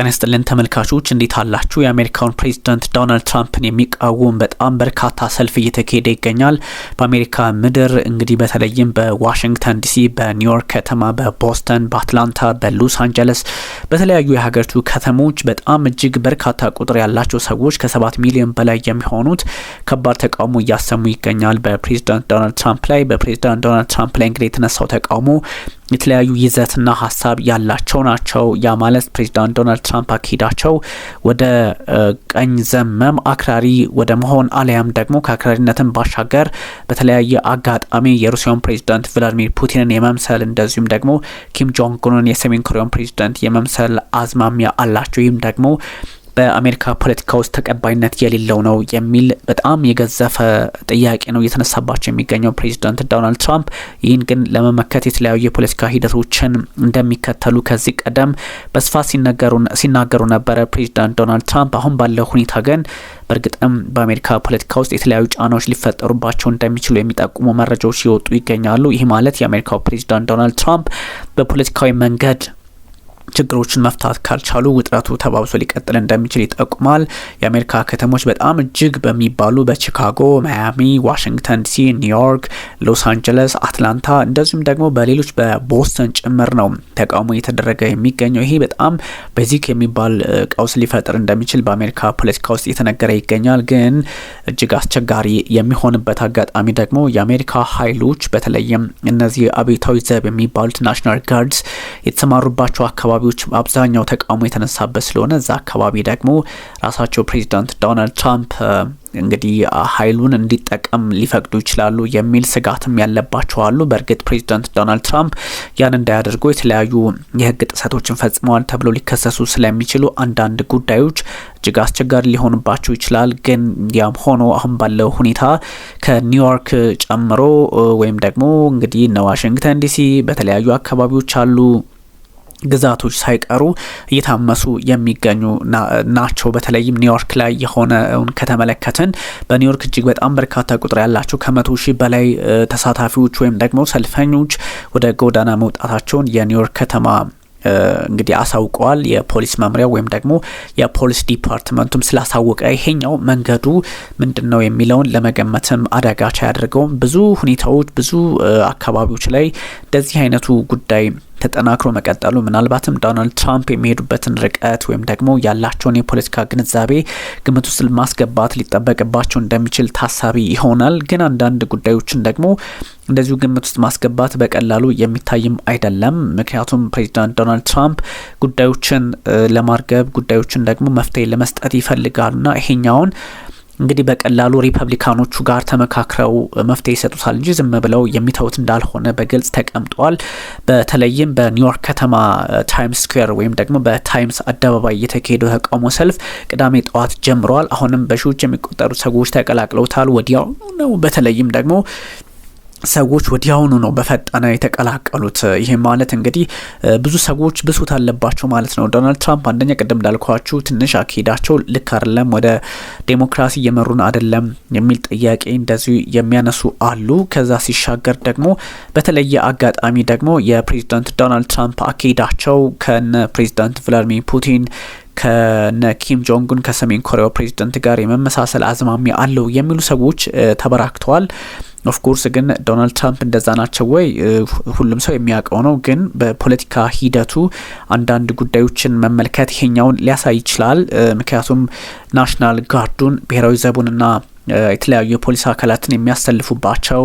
ጤና ይስጥልን ተመልካቾች እንዴት አላችሁ? የአሜሪካውን ፕሬዚዳንት ዶናልድ ትራምፕን የሚቃወም በጣም በርካታ ሰልፍ እየተካሄደ ይገኛል በአሜሪካ ምድር። እንግዲህ በተለይም በዋሽንግተን ዲሲ፣ በኒውዮርክ ከተማ፣ በቦስተን፣ በአትላንታ፣ በሎስ አንጀለስ፣ በተለያዩ የሀገሪቱ ከተሞች በጣም እጅግ በርካታ ቁጥር ያላቸው ሰዎች ከሰባት ሚሊዮን በላይ የሚሆኑት ከባድ ተቃውሞ እያሰሙ ይገኛል በፕሬዚዳንት ዶናልድ ትራምፕ ላይ። በፕሬዚዳንት ዶናልድ ትራምፕ ላይ እንግዲህ የተነሳው ተቃውሞ የተለያዩ ይዘትና ሀሳብ ያላቸው ናቸው። ያ ማለት ፕሬዚዳንት ዶናልድ ትራምፕ አካሄዳቸው ወደ ቀኝ ዘመም አክራሪ ወደ መሆን አሊያም ደግሞ ከአክራሪነትን ባሻገር በተለያየ አጋጣሚ የሩሲያን ፕሬዚዳንት ቭላዲሚር ፑቲንን የመምሰል እንደዚሁም ደግሞ ኪም ጆንግ ኡንን የሰሜን ኮሪያን ፕሬዚዳንት የመምሰል አዝማሚያ አላቸው። ይህም ደግሞ በአሜሪካ ፖለቲካ ውስጥ ተቀባይነት የሌለው ነው የሚል በጣም የገዘፈ ጥያቄ ነው እየተነሳባቸው የሚገኘው ፕሬዚዳንት ዶናልድ ትራምፕ። ይህን ግን ለመመከት የተለያዩ የፖለቲካ ሂደቶችን እንደሚከተሉ ከዚህ ቀደም በስፋት ሲናገሩ ነበረ ፕሬዚዳንት ዶናልድ ትራምፕ። አሁን ባለው ሁኔታ ግን በእርግጥም በአሜሪካ ፖለቲካ ውስጥ የተለያዩ ጫናዎች ሊፈጠሩባቸው እንደሚችሉ የሚጠቁሙ መረጃዎች ሲወጡ ይገኛሉ። ይህ ማለት የአሜሪካው ፕሬዚዳንት ዶናልድ ትራምፕ በፖለቲካዊ መንገድ ችግሮችን መፍታት ካልቻሉ ውጥረቱ ተባብሶ ሊቀጥል እንደሚችል ይጠቁማል። የአሜሪካ ከተሞች በጣም እጅግ በሚባሉ በቺካጎ፣ ማያሚ፣ ዋሽንግተን ዲሲ፣ ኒውዮርክ፣ ሎስ አንጀለስ፣ አትላንታ እንደዚሁም ደግሞ በሌሎች በቦስተን ጭምር ነው ተቃውሞ እየተደረገ የሚገኘው። ይሄ በጣም ቤዚክ የሚባል ቀውስ ሊፈጥር እንደሚችል በአሜሪካ ፖለቲካ ውስጥ እየተነገረ ይገኛል። ግን እጅግ አስቸጋሪ የሚሆንበት አጋጣሚ ደግሞ የአሜሪካ ኃይሎች በተለይም እነዚህ አብዮታዊ ዘብ የሚባሉት ናሽናል ጋርድስ የተሰማሩባቸው አካባቢ አካባቢዎች አብዛኛው ተቃውሞ የተነሳበት ስለሆነ እዛ አካባቢ ደግሞ ራሳቸው ፕሬዚዳንት ዶናልድ ትራምፕ እንግዲህ ኃይሉን እንዲጠቀም ሊፈቅዱ ይችላሉ የሚል ስጋትም ያለባቸው አሉ። በእርግጥ ፕሬዚዳንት ዶናልድ ትራምፕ ያን እንዳያደርጉ የተለያዩ የህግ ጥሰቶችን ፈጽመዋል ተብሎ ሊከሰሱ ስለሚችሉ አንዳንድ ጉዳዮች እጅግ አስቸጋሪ ሊሆንባቸው ይችላል። ግን ያም ሆኖ አሁን ባለው ሁኔታ ከኒውዮርክ ጨምሮ ወይም ደግሞ እንግዲህ እነ ዋሽንግተን ዲሲ በተለያዩ አካባቢዎች አሉ ግዛቶች ሳይቀሩ እየታመሱ የሚገኙ ናቸው። በተለይም ኒውዮርክ ላይ የሆነውን ከተመለከትን በኒውዮርክ እጅግ በጣም በርካታ ቁጥር ያላቸው ከመቶ ሺህ በላይ ተሳታፊዎች ወይም ደግሞ ሰልፈኞች ወደ ጎዳና መውጣታቸውን የኒውዮርክ ከተማ እንግዲህ አሳውቀዋል። የፖሊስ መምሪያ ወይም ደግሞ የፖሊስ ዲፓርትመንቱም ስላሳወቀ ይሄኛው መንገዱ ምንድን ነው የሚለውን ለመገመትም አዳጋች አያደርገውም። ብዙ ሁኔታዎች፣ ብዙ አካባቢዎች ላይ እንደዚህ አይነቱ ጉዳይ ተጠናክሮ መቀጠሉ ምናልባትም ዶናልድ ትራምፕ የሚሄዱበትን ርቀት ወይም ደግሞ ያላቸውን የፖለቲካ ግንዛቤ ግምት ውስጥ ማስገባት ሊጠበቅባቸው እንደሚችል ታሳቢ ይሆናል። ግን አንዳንድ ጉዳዮችን ደግሞ እንደዚሁ ግምት ውስጥ ማስገባት በቀላሉ የሚታይም አይደለም። ምክንያቱም ፕሬዚዳንት ዶናልድ ትራምፕ ጉዳዮችን ለማርገብ ጉዳዮችን ደግሞ መፍትሄ ለመስጠት ይፈልጋሉና ይሄኛውን እንግዲህ በቀላሉ ሪፐብሊካኖቹ ጋር ተመካክረው መፍትሄ ይሰጡታል እንጂ ዝም ብለው የሚተውት እንዳልሆነ በግልጽ ተቀምጠዋል። በተለይም በኒውዮርክ ከተማ ታይምስ ስኩዌር ወይም ደግሞ በታይምስ አደባባይ የተካሄደው ተቃውሞ ሰልፍ ቅዳሜ ጠዋት ጀምረዋል። አሁንም በሺዎች የሚቆጠሩ ሰዎች ተቀላቅለውታል። ወዲያው ነው በተለይም ደግሞ ሰዎች ወዲያውኑ ነው በፈጠነ የተቀላቀሉት። ይህም ማለት እንግዲህ ብዙ ሰዎች ብሶት አለባቸው ማለት ነው። ዶናልድ ትራምፕ አንደኛ ቅድም እንዳልኳችሁ ትንሽ አካሄዳቸው ልክ አይደለም፣ ወደ ዴሞክራሲ እየመሩን አይደለም የሚል ጥያቄ እንደዚሁ የሚያነሱ አሉ። ከዛ ሲሻገር ደግሞ በተለየ አጋጣሚ ደግሞ የፕሬዚዳንት ዶናልድ ትራምፕ አካሄዳቸው ከነ ፕሬዚዳንት ቭላዲሚር ፑቲን ከነ ኪም ጆንጉን ከሰሜን ኮሪያው ፕሬዚደንት ጋር የመመሳሰል አዝማሚያ አለው የሚሉ ሰዎች ተበራክተዋል። ኦፍኮርስ ግን ዶናልድ ትራምፕ እንደዛ ናቸው ወይ? ሁሉም ሰው የሚያውቀው ነው። ግን በፖለቲካ ሂደቱ አንዳንድ ጉዳዮችን መመልከት ይሄኛውን ሊያሳይ ይችላል። ምክንያቱም ናሽናል ጋርዱን ብሔራዊ ዘቡንና የተለያዩ የፖሊስ አካላትን የሚያሰልፉባቸው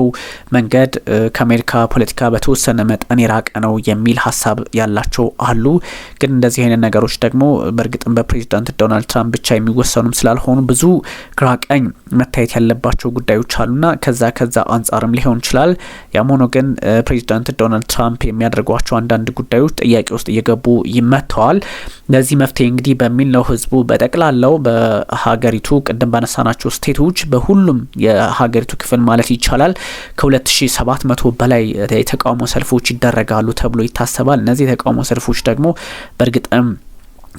መንገድ ከአሜሪካ ፖለቲካ በተወሰነ መጠን የራቀ ነው የሚል ሀሳብ ያላቸው አሉ። ግን እንደዚህ አይነት ነገሮች ደግሞ በእርግጥም በፕሬዚዳንት ዶናልድ ትራምፕ ብቻ የሚወሰኑም ስላልሆኑ ብዙ ግራቀኝ መታየት ያለባቸው ጉዳዮች አሉና ከዛ ከዛ አንጻርም ሊሆን ይችላል። ያም ሆኖ ግን ፕሬዚዳንት ዶናልድ ትራምፕ የሚያደርጓቸው አንዳንድ ጉዳዮች ጥያቄ ውስጥ እየገቡ ይመተዋል። ለዚህ መፍትሄ እንግዲህ በሚል ነው ህዝቡ በጠቅላላው በሀገሪቱ ቅድም ባነሳናቸው ስቴቶች በሁሉም የሀገሪቱ ክፍል ማለት ይቻላል ከ2700 በላይ የተቃውሞ ሰልፎች ይደረጋሉ ተብሎ ይታሰባል። እነዚህ የተቃውሞ ሰልፎች ደግሞ በእርግጥም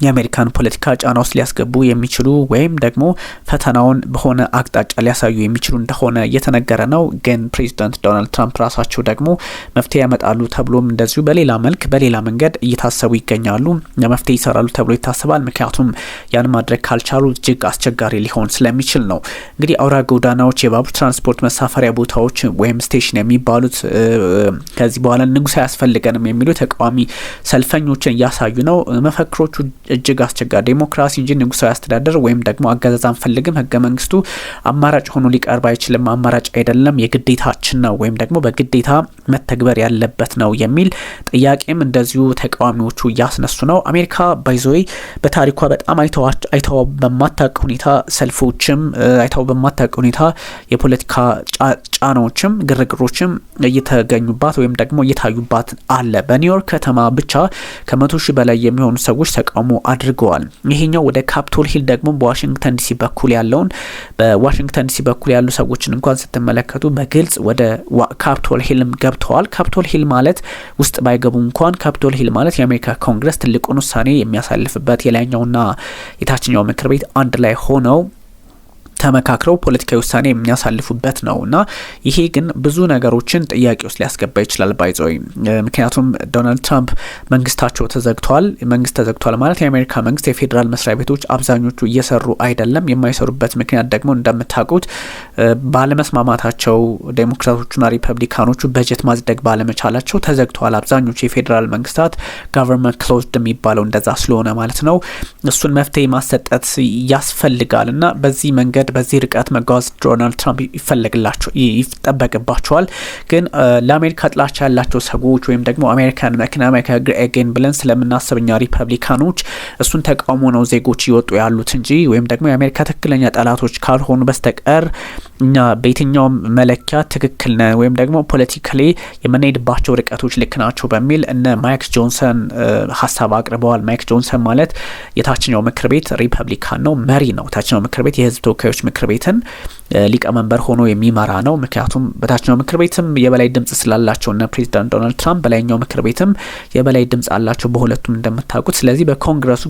የአሜሪካን ፖለቲካ ጫና ውስጥ ሊያስገቡ የሚችሉ ወይም ደግሞ ፈተናውን በሆነ አቅጣጫ ሊያሳዩ የሚችሉ እንደሆነ እየተነገረ ነው። ግን ፕሬዚዳንት ዶናልድ ትራምፕ ራሳቸው ደግሞ መፍትሄ ያመጣሉ ተብሎም እንደዚሁ በሌላ መልክ በሌላ መንገድ እየታሰቡ ይገኛሉ። ለመፍትሄ ይሰራሉ ተብሎ ይታሰባል። ምክንያቱም ያን ማድረግ ካልቻሉ እጅግ አስቸጋሪ ሊሆን ስለሚችል ነው። እንግዲህ አውራ ጎዳናዎች፣ የባቡር ትራንስፖርት መሳፈሪያ ቦታዎች ወይም ስቴሽን የሚባሉት ከዚህ በኋላ ንጉሥ አያስፈልገንም የሚሉ ተቃዋሚ ሰልፈኞችን እያሳዩ ነው። መፈክሮቹ እጅግ አስቸጋሪ ዴሞክራሲ እንጂ ንጉሳዊ አስተዳደር ወይም ደግሞ አገዛዝ አንፈልግም። ህገ መንግስቱ አማራጭ ሆኖ ሊቀርብ አይችልም። አማራጭ አይደለም፣ የግዴታችን ነው ወይም ደግሞ በግዴታ መተግበር ያለበት ነው የሚል ጥያቄም እንደዚሁ ተቃዋሚዎቹ እያስነሱ ነው። አሜሪካ ባይዞይ በታሪኳ በጣም አይተው በማታቅ ሁኔታ ሰልፎችም አይተው በማታቅ ሁኔታ የፖለቲካ ጫናዎችም ግርግሮችም እየተገኙባት ወይም ደግሞ እየታዩባት አለ። በኒውዮርክ ከተማ ብቻ ከመቶ ሺህ በላይ የሚሆኑ ሰዎች ተቃውሞ አድርገዋል። ይሄኛው ወደ ካፕቶል ሂል ደግሞ በዋሽንግተን ዲሲ በኩል ያለውን በዋሽንግተን ዲሲ በኩል ያሉ ሰዎችን እንኳን ስትመለከቱ በግልጽ ወደ ካፕቶል ሂልም ገብተዋል። ካፕቶል ሂል ማለት ውስጥ ባይገቡ እንኳን ካፕቶል ሂል ማለት የአሜሪካ ኮንግረስ ትልቁን ውሳኔ የሚያሳልፍበት የላይኛውና የታችኛው ምክር ቤት አንድ ላይ ሆነው ተመካክረው ፖለቲካዊ ውሳኔ የሚያሳልፉበት ነው እና ይሄ ግን ብዙ ነገሮችን ጥያቄ ውስጥ ሊያስገባ ይችላል። ባይዘወይ ምክንያቱም ዶናልድ ትራምፕ መንግስታቸው ተዘግቷል። መንግስት ተዘግቷል ማለት የአሜሪካ መንግስት የፌዴራል መስሪያ ቤቶች አብዛኞቹ እየሰሩ አይደለም። የማይሰሩበት ምክንያት ደግሞ እንደምታውቁት ባለመስማማታቸው ዴሞክራቶቹና ሪፐብሊካኖቹ በጀት ማጽደቅ ባለመቻላቸው ተዘግተዋል። አብዛኞቹ የፌዴራል መንግስታት ጋቨርንመንት ክሎዝድ የሚባለው እንደዛ ስለሆነ ማለት ነው። እሱን መፍትሄ ማሰጠት ያስፈልጋል እና በዚህ መንገድ መንገድ በዚህ ርቀት መጓዝ ዶናልድ ትራምፕ ይፈለግላቸው ይጠበቅባቸዋል። ግን ለአሜሪካ ጥላቻ ያላቸው ሰዎች ወይም ደግሞ አሜሪካን መኪና አሜሪካ ግሬጌን ብለን ስለምናስብኛ ሪፐብሊካኖች እሱን ተቃውሞ ነው ዜጎች እየወጡ ያሉት እንጂ ወይም ደግሞ የአሜሪካ ትክክለኛ ጠላቶች ካልሆኑ በስተቀር እኛ በየትኛውም መለኪያ ትክክል ነን ወይም ደግሞ ፖለቲካሊ የምንሄድባቸው ርቀቶች ልክ ናቸው በሚል እነ ማይክ ጆንሰን ሀሳብ አቅርበዋል። ማይክ ጆንሰን ማለት የታችኛው ምክር ቤት ሪፐብሊካን ነው፣ መሪ ነው። ታችኛው ምክር ቤት የህዝብ ተወካዮች የተወካዮች ምክር ቤትን ሊቀመንበር ሆኖ የሚመራ ነው። ምክንያቱም በታችኛው ምክር ቤትም የበላይ ድምጽ እና ፕሬዚዳንት ዶናልድ ትራምፕ በላይኛው ምክር ቤትም የበላይ ድምጽ አላቸው በሁለቱም እንደምታውቁት። ስለዚህ በኮንግረሱ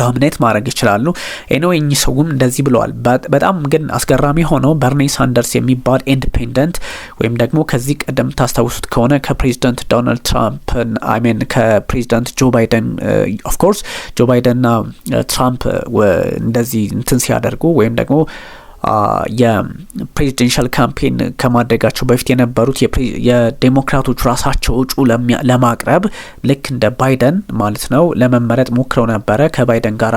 ዶሚኔት ማድረግ ይችላሉ። ኤኒዌይ እኚህ ሰውም እንደዚህ ብለዋል። በጣም ግን አስገራሚ ሆነው በርኒ ሳንደርስ የሚባል ኢንዲፔንደንት ወይም ደግሞ ከዚህ ቀደም ታስታውሱት ከሆነ ከፕሬዚደንት ዶናልድ ትራምፕ አይሜን ከፕሬዚደንት ጆ ባይደን ኦፍኮርስ ጆ ባይደንና ትራምፕ እንደዚህ እንትን ሲያደርጉ ወይም ደግሞ የፕሬዚደንሻል ካምፔን ከማድረጋቸው በፊት የነበሩት የዴሞክራቶች ራሳቸው እጩ ለማቅረብ ልክ እንደ ባይደን ማለት ነው ለመመረጥ ሞክረው ነበረ። ከባይደን ጋር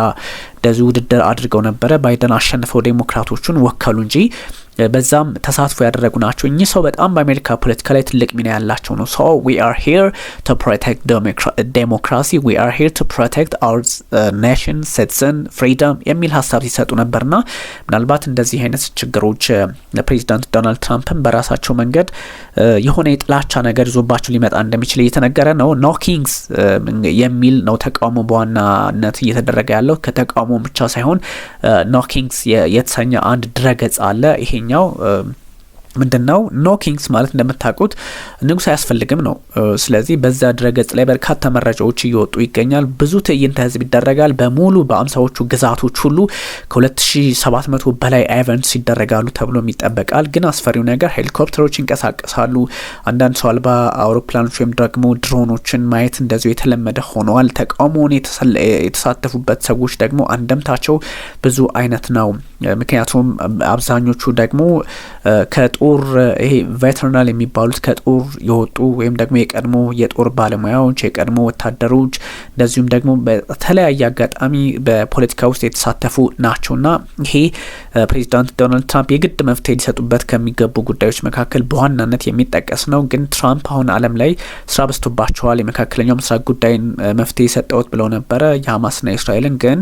እንደዚህ ውድድር አድርገው ነበረ። ባይደን አሸንፈው ዴሞክራቶቹን ወከሉ እንጂ በዛም ተሳትፎ ያደረጉ ናቸው። እኚህ ሰው በጣም በአሜሪካ ፖለቲካ ላይ ትልቅ ሚና ያላቸው ነው። ሰው ዊ አር ሄር ቱ ፕሮቴክት ዴሞክራሲ ዊ አር ሄር ቱ ፕሮቴክት አወር ኔሽን ሲቲዝን ፍሪደም የሚል ሀሳብ ሲሰጡ ነበርና ምናልባት እንደዚህ አይነት ችግሮች ለፕሬዚዳንት ዶናልድ ትራምፕን በራሳቸው መንገድ የሆነ የጥላቻ ነገር ይዞባቸው ሊመጣ እንደሚችል እየተነገረ ነው። ኖኪንግስ የሚል ነው ተቃውሞ በዋናነት እየተደረገ ያለው ከተቃውሞ ብቻ ሳይሆን ኖኪንግስ የተሰኘ አንድ ድረገጽ አለ። ይሄ አንደኛው ምንድን ነው ኖ ኪንግስ ማለት እንደምታውቁት ንጉስ አያስፈልግም ነው። ስለዚህ በዛ ድረገጽ ላይ በርካታ መረጃዎች እየወጡ ይገኛል። ብዙ ትዕይንተ ህዝብ ይደረጋል። በሙሉ በአምሳዎቹ ግዛቶች ሁሉ ከ2700 በላይ ኢቨንትስ ይደረጋሉ ተብሎ ይጠበቃል። ግን አስፈሪው ነገር ሄሊኮፕተሮች ይንቀሳቀሳሉ። አንዳንድ ሰው አልባ አውሮፕላኖች ወይም ደግሞ ድሮኖችን ማየት እንደዚሁ የተለመደ ሆነዋል። ተቃውሞውን የተሳተፉበት ሰዎች ደግሞ አንደምታቸው ብዙ አይነት ነው። ምክንያቱም አብዛኞቹ ደግሞ ከጦር ይሄ ቬተርናል የሚባሉት ከጦር የወጡ ወይም ደግሞ የቀድሞ የጦር ባለሙያዎች የቀድሞ ወታደሮች እንደዚሁም ደግሞ በተለያየ አጋጣሚ በፖለቲካ ውስጥ የተሳተፉ ናቸውና ይሄ ፕሬዚዳንት ዶናልድ ትራምፕ የግድ መፍትሄ ሊሰጡበት ከሚገቡ ጉዳዮች መካከል በዋናነት የሚጠቀስ ነው። ግን ትራምፕ አሁን ዓለም ላይ ስራ በዝቶባቸዋል። የመካከለኛው ምስራቅ ጉዳይን መፍትሄ ሰጠውት ብለው ነበረ የሀማስና የእስራኤልን ግን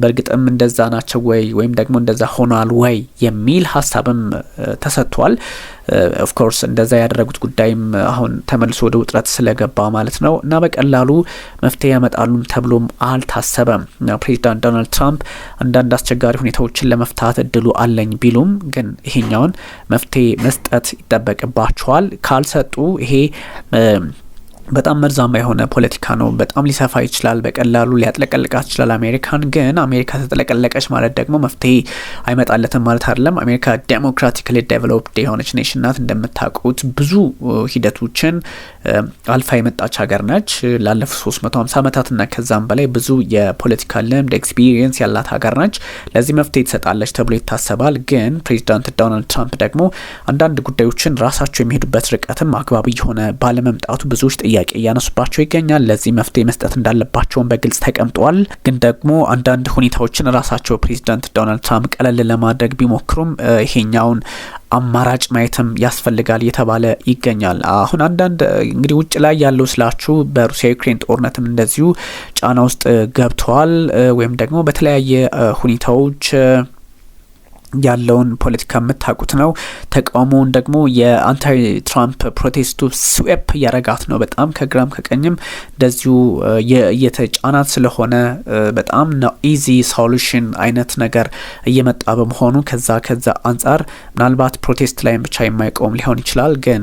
በእርግጥም እንደዛ ናቸው ወይ ወይም ደግሞ እንደዛ ሆኗል ወይ የሚል ሀሳብም ተሰጥቷል። ኦፍኮርስ እንደዛ ያደረጉት ጉዳይም አሁን ተመልሶ ወደ ውጥረት ስለገባ ማለት ነው እና በቀላሉ መፍትሄ ያመጣሉም ተብሎም አልታሰበም። ፕሬዚዳንት ዶናልድ ትራምፕ አንዳንድ አስቸጋሪ ሁኔታዎችን ለመፍታት እድሉ አለኝ ቢሉም ግን ይሄኛውን መፍትሄ መስጠት ይጠበቅባቸዋል። ካልሰጡ ይሄ በጣም መርዛማ የሆነ ፖለቲካ ነው። በጣም ሊሰፋ ይችላል። በቀላሉ ሊያጥለቀልቃት ይችላል አሜሪካን። ግን አሜሪካ ተጥለቀለቀች ማለት ደግሞ መፍትሄ አይመጣለትም ማለት አይደለም። አሜሪካ ዴሞክራቲካሊ ዴቨሎፕድ የሆነች ኔሽን ናት። እንደምታውቁት ብዙ ሂደቶችን አልፋ የመጣች ሀገር ነች። ላለፉት 350 ዓመታትና ከዛም በላይ ብዙ የፖለቲካ ልምድ ኤክስፒሪየንስ ያላት ሀገር ነች። ለዚህ መፍትሄ ትሰጣለች ተብሎ ይታሰባል። ግን ፕሬዚዳንት ዶናልድ ትራምፕ ደግሞ አንዳንድ ጉዳዮችን ራሳቸው የሚሄዱበት ርቀትም አግባብ የሆነ ባለመምጣቱ ብዙዎች ጥያ ጥያቄ እያነሱባቸው ይገኛል። ለዚህ መፍትሄ መስጠት እንዳለባቸውን በግልጽ ተቀምጠዋል። ግን ደግሞ አንዳንድ ሁኔታዎችን ራሳቸው ፕሬዚዳንት ዶናልድ ትራምፕ ቀለል ለማድረግ ቢሞክሩም ይሄኛውን አማራጭ ማየትም ያስፈልጋል እየተባለ ይገኛል። አሁን አንዳንድ እንግዲህ ውጭ ላይ ያለው ስላችሁ በሩሲያ ዩክሬን ጦርነትም እንደዚሁ ጫና ውስጥ ገብተዋል ወይም ደግሞ በተለያየ ሁኔታዎች ያለውን ፖለቲካ የምታውቁት ነው። ተቃውሞውን ደግሞ የአንታይ ትራምፕ ፕሮቴስቱ ስዌፕ እያረጋት ነው። በጣም ከግራም ከቀኝም እንደዚሁ የተጫናት ስለሆነ በጣም ነው ኢዚ ሶሉሽን አይነት ነገር እየመጣ በመሆኑ ከዛ ከዛ አንጻር ምናልባት ፕሮቴስት ላይም ብቻ የማይቆም ሊሆን ይችላል። ግን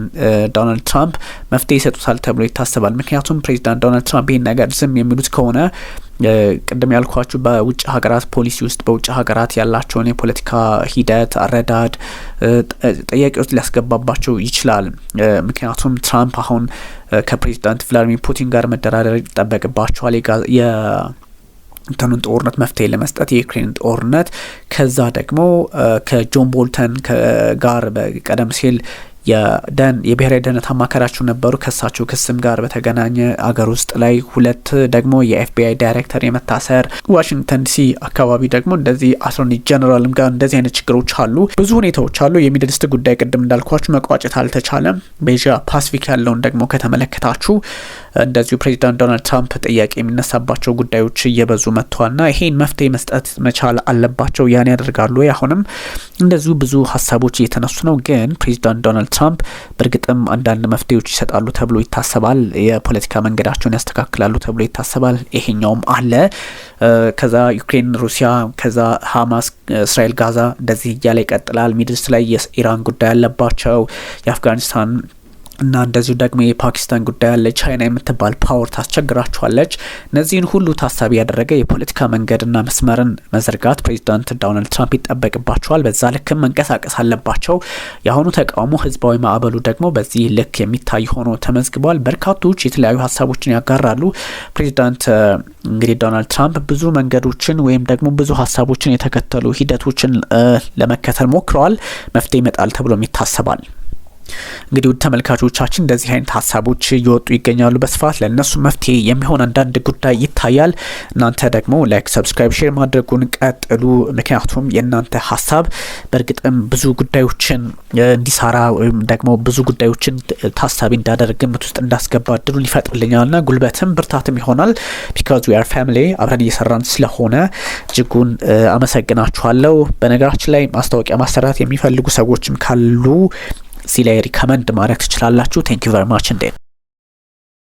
ዶናልድ ትራምፕ መፍትሄ ይሰጡታል ተብሎ ይታሰባል። ምክንያቱም ፕሬዚዳንት ዶናልድ ትራምፕ ይህን ነገር ዝም የሚሉት ከሆነ ቅድም ያልኳችሁ በውጭ ሀገራት ፖሊሲ ውስጥ በውጭ ሀገራት ያላቸውን የፖለቲካ ሂደት አረዳድ ጥያቄ ውስጥ ሊያስገባባቸው ይችላል። ምክንያቱም ትራምፕ አሁን ከፕሬዚዳንት ቭላድሚር ፑቲን ጋር መደራደር ይጠበቅባቸዋል የ እንትኑን ጦርነት መፍትሄ ለመስጠት የዩክሬን ጦርነት ከዛ ደግሞ ከጆን ቦልተን ጋር በቀደም ሲል የደን የብሔራዊ ደህንነት አማካሪያቸው ነበሩ። ከሳቸው ክስም ጋር በተገናኘ አገር ውስጥ ላይ ሁለት ደግሞ የኤፍቢአይ ዳይሬክተር የመታሰር ዋሽንግተን ዲሲ አካባቢ ደግሞ እንደዚህ አስሮኒ ጀነራልም ጋር እንደዚህ አይነት ችግሮች አሉ። ብዙ ሁኔታዎች አሉ። የሚድልስት ጉዳይ ቅድም እንዳልኳችሁ መቋጨት አልተቻለም። በኤዥያ ፓስፊክ ያለውን ደግሞ ከተመለከታችሁ እንደዚሁ ፕሬዚዳንት ዶናልድ ትራምፕ ጥያቄ የሚነሳባቸው ጉዳዮች እየበዙ መጥተዋልና ይሄን መፍትሄ መስጠት መቻል አለባቸው። ያን ያደርጋሉ። አሁንም እንደዚሁ ብዙ ሀሳቦች እየተነሱ ነው። ግን ፕሬዚዳንት ዶናልድ ትራምፕ በእርግጥም አንዳንድ መፍትሄዎች ይሰጣሉ ተብሎ ይታሰባል። የፖለቲካ መንገዳቸውን ያስተካክላሉ ተብሎ ይታሰባል። ይሄኛውም አለ። ከዛ ዩክሬን ሩሲያ፣ ከዛ ሀማስ እስራኤል ጋዛ እንደዚህ እያለ ይቀጥላል። ሚድልስ ላይ የኢራን ጉዳይ አለባቸው የአፍጋኒስታን እና እንደዚሁ ደግሞ የፓኪስታን ጉዳይ አለ። ቻይና የምትባል ፓወር ታስቸግራቸዋለች። እነዚህን ሁሉ ታሳቢ ያደረገ የፖለቲካ መንገድና መስመርን መዘርጋት ፕሬዚዳንት ዶናልድ ትራምፕ ይጠበቅባቸዋል። በዛ ልክም መንቀሳቀስ አለባቸው። የአሁኑ ተቃውሞ ህዝባዊ ማዕበሉ ደግሞ በዚህ ልክ የሚታይ ሆኖ ተመዝግቧል። በርካቶች የተለያዩ ሀሳቦችን ያጋራሉ። ፕሬዚዳንት እንግዲህ ዶናልድ ትራምፕ ብዙ መንገዶችን ወይም ደግሞ ብዙ ሀሳቦችን የተከተሉ ሂደቶችን ለመከተል ሞክረዋል። መፍትሄ ይመጣል ተብሎም ይታሰባል። እንግዲህ ውድ ተመልካቾቻችን እንደዚህ አይነት ሀሳቦች እየወጡ ይገኛሉ በስፋት ለእነሱ መፍትሄ የሚሆን አንዳንድ ጉዳይ ይታያል። እናንተ ደግሞ ላይክ፣ ሰብስክራይብ፣ ሼር ማድረጉን ቀጥሉ። ምክንያቱም የእናንተ ሀሳብ በእርግጥም ብዙ ጉዳዮችን እንዲሰራ ወይም ደግሞ ብዙ ጉዳዮችን ታሳቢ እንዳደርግ ግምት ውስጥ እንዳስገባ እድሉን ና ጉልበትም ብርታትም ይሆናል። ቢካዝ ዊር ፋሚሊ አብረን እየሰራን ስለሆነ እጅጉን አመሰግናችኋለሁ። በነገራችን ላይ ማስታወቂያ ማሰራት የሚፈልጉ ሰዎችም ካሉ ላይ ሪከመንድ ማድረግ ትችላላችሁ። ቴንክ ዩ ቨሪ ማች እንዴ